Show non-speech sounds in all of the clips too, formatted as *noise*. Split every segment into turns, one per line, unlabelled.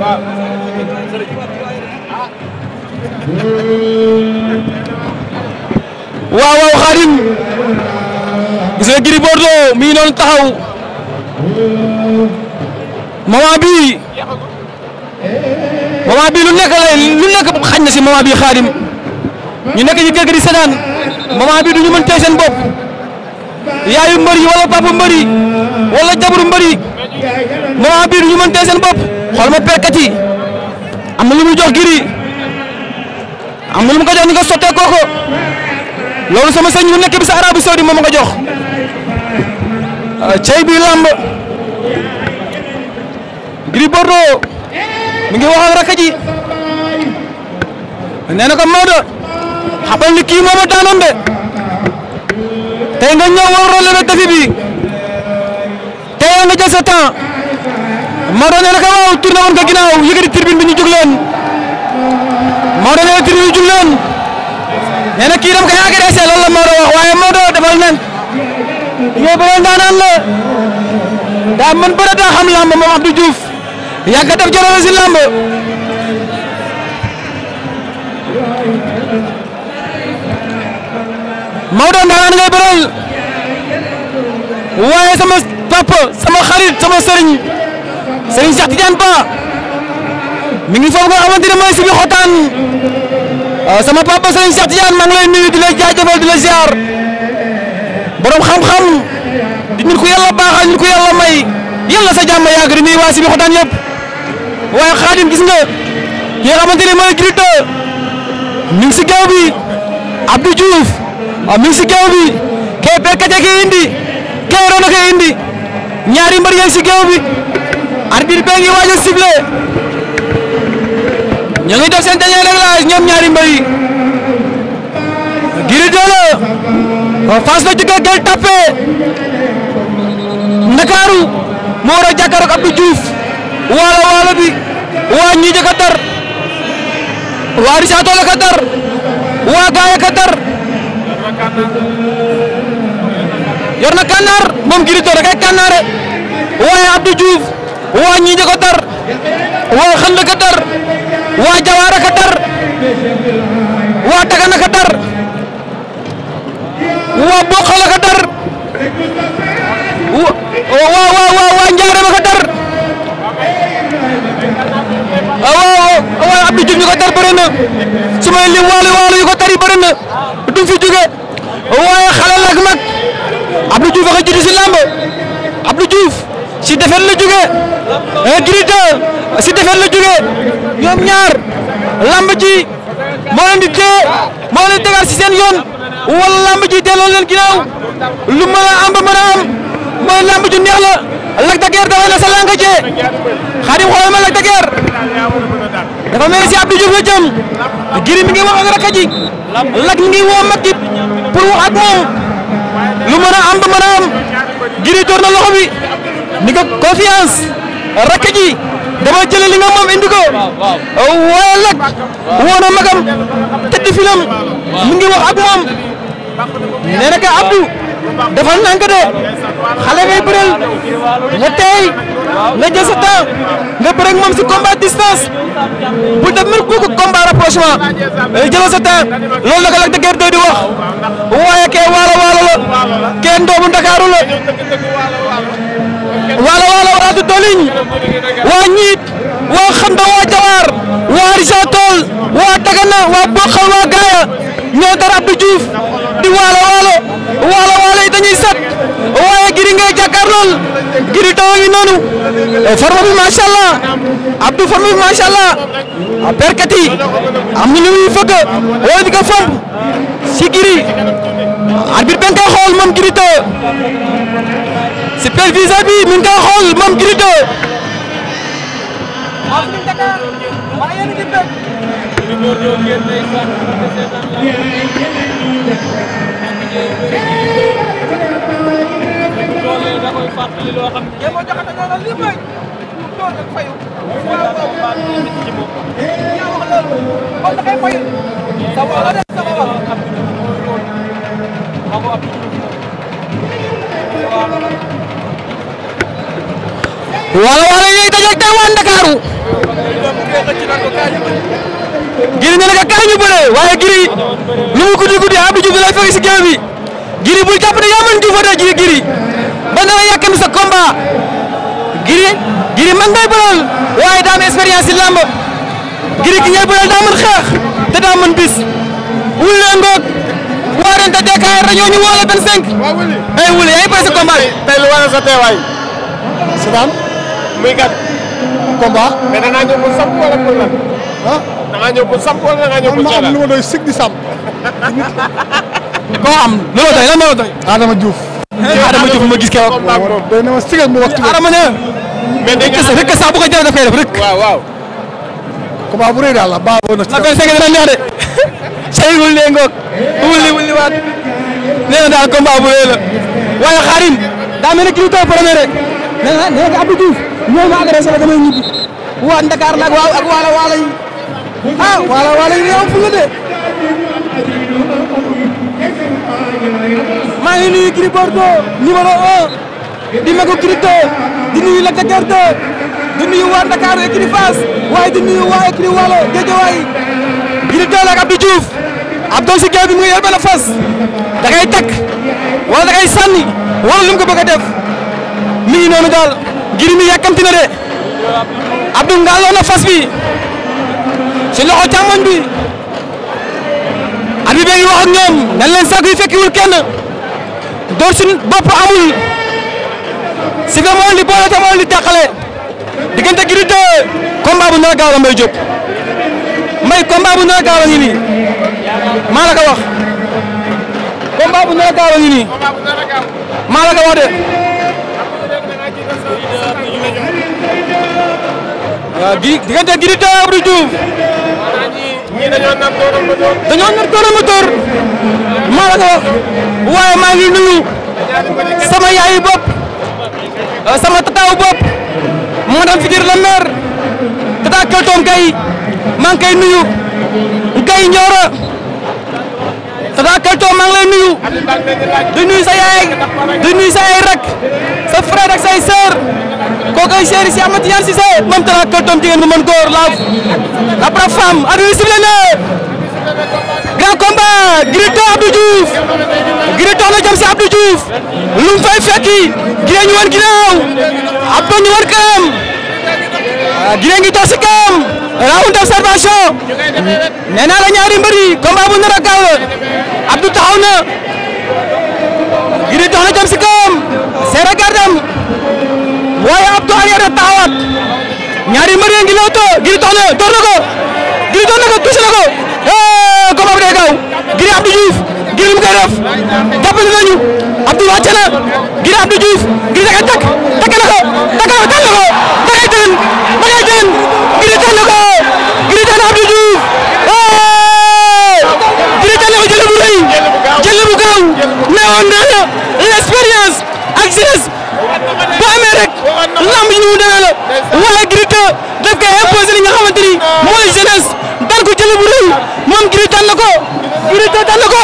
waaw waaw Khadim gis nga Gris Bordeaux mi taxaw moment bii lu nekk lay xañ na si moment bii ñu nekk ci kër gi di du ñu mën tey seen bopp yaayu mbër yi wala papa mbër yi wala moment bii ñu mën tee bopp xool ma perkat yi am na lu mu jox giri am na lu mu ko jox ni nga sottee kooko loolu sama sëñ bu nekk bi sa Arabie Saoudi moom ma ko jox euh, cey bi lamb Gris Bordeaux mi ngi wax ak ji nee na ko Maodo xamal ni kii moom a daanoon tey nga ñëw war rôle le tafi bi jël sa temps
Maodo nee na ko waaw tourné woon ko ginnaaw yëkkati
tribune bi ñu jug leen Maodo nee na tribune bi jug leen nee na kii dama loolu la Maodo wax waaye Maodo defal daanaan la daa mën bëre daa xam lamb moom Abdou Diouf yàgg def waaye sama. papa sama xarit sama sëriñ sëriñ Cheikh Ba mi ngi foofu nga xamante mooy Sibi Xotaan euh, sama papa sëriñ Cheikh maa ngi lay nuyu di la jaajëfal di borom xam-xam di nit ku yàlla baaxal nit ku yàlla may yàlla sa jàmm yàgg di nuyu waa Sibi Xotaan yëpp waaye Xaadim gis nga ki mooy Gris 2 mi ngi si géew bi Abdou Diouf mi ngi si géew bi kee béykat yi indi kee roon na indi. ñaari mbër yeeg géew bi arbitre bee ngi waaj a sifflé ñu ngi def seen dernier réglage ñoom ñaari mbër yi Gris 2 la oh, Fass la jógee Gueule Tapée Ndakaaru moo war a jàkkaarloog Abdou Diouf waalo waalo bi waa ñiije ka tar waa risaato la ka waa gaaya ka tar na kànnaar moom Gris 2 rek ay waaye Abdou Diouf waa ñiñe ko tar waa xënd ka tar waa jawaara ka tar waa tagana ka tar waa boqala ka tar waa waa waa njaarema ka tar waaw ñu ko tar bëri na su may lim waalo ko tar yi bëri na defet la jógee eh, Gris 2 si defet la jógee ñoom ñaar lamb ji moo di téye moo leen di tegaat si seen yoon wala lamb ji delloo leen ginnaaw lu mën a am ba mën a ju neex la Lac de Guiers dafay ne sa langa cee Xaadim xoolal ma dafa mel si Abdou Diouf la jëm Gris mi ngi wax ak rakk ji Lac ngi woo mag ji wax a am ba mën a am Gris door na loxo bi. ni ko confiance rakk ji dama jële li nga moom indi ko waaye nag woon na magam tëdd filam mu ngi wax ak nee na ka Abdou dafa nank de xale ngay bëreel nga teey jël sa temps nga bëreeg si combat distance bu def mel kooku combat rapprochement jëlal sa temps loolu la ko Lac de Guiers di wax waaye kee waalo waalo la kee ndoomu Ndakaaru la.
wala wala waatu
doliñ waa ñiit waa xamda waa jawaar waa risa tool waa tagana waa boqal waa gaaya ñoo dara Abdou di waalo waalo waalo yi dañuy set waaye giri ngay jàkkaar lool giri tawa ngi noonu eh, forme bi macha allah Abdou forme bi macha allah perkat ah, am na lu muy di ko fomp si giri arbitre bi nga xool moom giri tawa superviseur bi mi ngi koy xool moom Gris 2. wala wala yooyu dajeeg tey Ndakaaru giri ne naka kaay ñu bëree waaye giri lu mu guddi guddi Abdou fekk si géew bi giri bul jàpp ne yaa mën Diouf de giri giri ba sa combat giri giri man ngay bëral waaye daa expérience si làmb giri ki ngay bëral daa mën xeex te daa mën bis wul la ngoog waarante DKR rajo ñu woo la 25 ay wuli yaa ngi sa combat tey lu waral sa teewaay muy kat. combat. mais danaa ñëw pour samp wala pour lan. ah danaa ñëw pour samp wala danaa ñëw pour. man ma am lu ma doy sëg di samp. koo am lu ma doy lan moo doy. Adama Diouf. Adama Diouf ma gis keroog. doy na ma sëgal mu wax ci Adama ne. mais dégg nga rek saa bu ko jëlee daf koy def rek. waaw waaw. combat bu rëy daal la baaxoo na. la koy sëgg dina neex de. sëy *laughs* wul ne ngoog. wulli wulli waat. nee na daal combat bu rëy la. waaye xarim daa mel ne kii bi taw premier rek. nee na nee na Abdou Diouf. ñoo ma agressé la damay ñibbi waa Dakar nag waaw ak waala waala yi ah waala fu la maa ngi nuyu Gris Bordeaux numéro 1 di magu Gris 2 di nuyu Lac de Guiers 2 di nuyu waa Dakar écurie Fass Walo Guédiawaye Gris 2 la ak Abdou Diouf Abdou si géew bi mu fas da ngay takk wala da ngay sànni wala ko bëgg a def mi ngi noonu Gris mi yàkkamti de Abdou ngàlloo na fas bi ci loxo càmmoñ bi abi be ngi wax ñoom nañ leen saako yi fekkiwul kenn door suñu bopp amul si nga mooy boole te mooy li diggante Gris 2 combat bu nar a la Mbaye Diop Mbaye combat bu nar a gaaw la ngi nii maa la wax combat bu nar a gaaw ngi nii maa wax de waaw gi diggante Gris 2 Abdou Diouf. dañoo nar Tóoram Motor. dañoo nar Tóoram Motor. la ko waaye maa ngi nuyu sama yaayu bopp euh, sama tataawu bopp madame Fidir la maire tata Keltoon Gaye maa ngi nuyu Gaye Nioro. Tata Kalto maa ngi di nuyu sa yaay di nuyu sa yaay rek sa frère ak say sœur kookoy chéri si Amady Yane Cissé moom Tata Kalto jigéen bu mën góor la après femme admissible na grand combat Girito Abdou Diouf Girito la jëm si Abdou Diouf lu mu fay fekki Girito ñu wan ginnaaw Abdou ñu wan kanam Girito ngi toog si kanam round d'observation nee naa la ñaari mbër yi combat bu a gaaw la Abdou na Gris dox na jëm si kawam seera gardam waaye Abdou arrière na ñaari mbër yi ngi lewto Gris dox na door na ko Gris door na ko touché na ko eh, combat bi day gaaw Gris Abdou Diouf Gris lu mu koy ñu mu demee la wala Gris nga xamante ni mooy jeunesse daan ko moom Gris daan ko Gris 2 daan ko.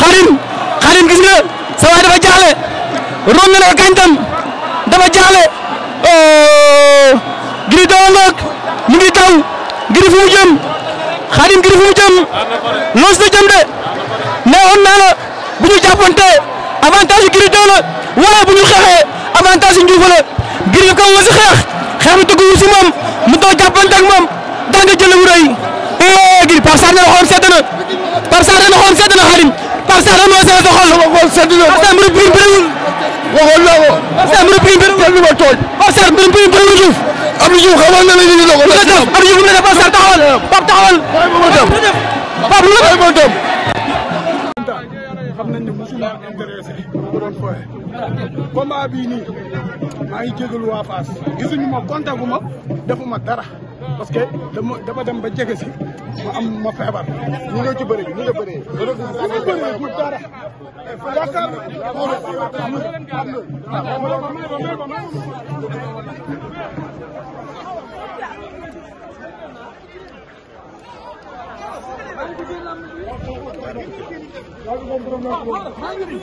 xarim xarim gis nga sa waay dafa jaaxle na ko kañ tam dafa jaaxle oh, Gris 2 mu ngi taw Gris fu Khadim Gris fu mu jëm loos na jëm de ne woon naa la bu ñu jàppante avantage Gris doo la wala bu ñu xeexee avantage Ndiouf la Gris ko wasi xeex xeex bi dugg si moom mu doo jàppante ak moom daan nga jëlee wu rëy Gris Pape ne la xool sedd na ne la xool sedd na Khadim ne la xool sedd na Pape Sarr mbiru prix bëriwul waxoon naa ko Pape Sarr mbiru prix bëriwul tooñ daan intéressé bu doon fooye combat bii ngi jégalu waa Fass gisuñu ma kontagu ma defu dara parce que dama dama dem ba jege si ma am ma feebar ñu ñu la bëree ñu bëree bu dara yaakaar am Hadi bir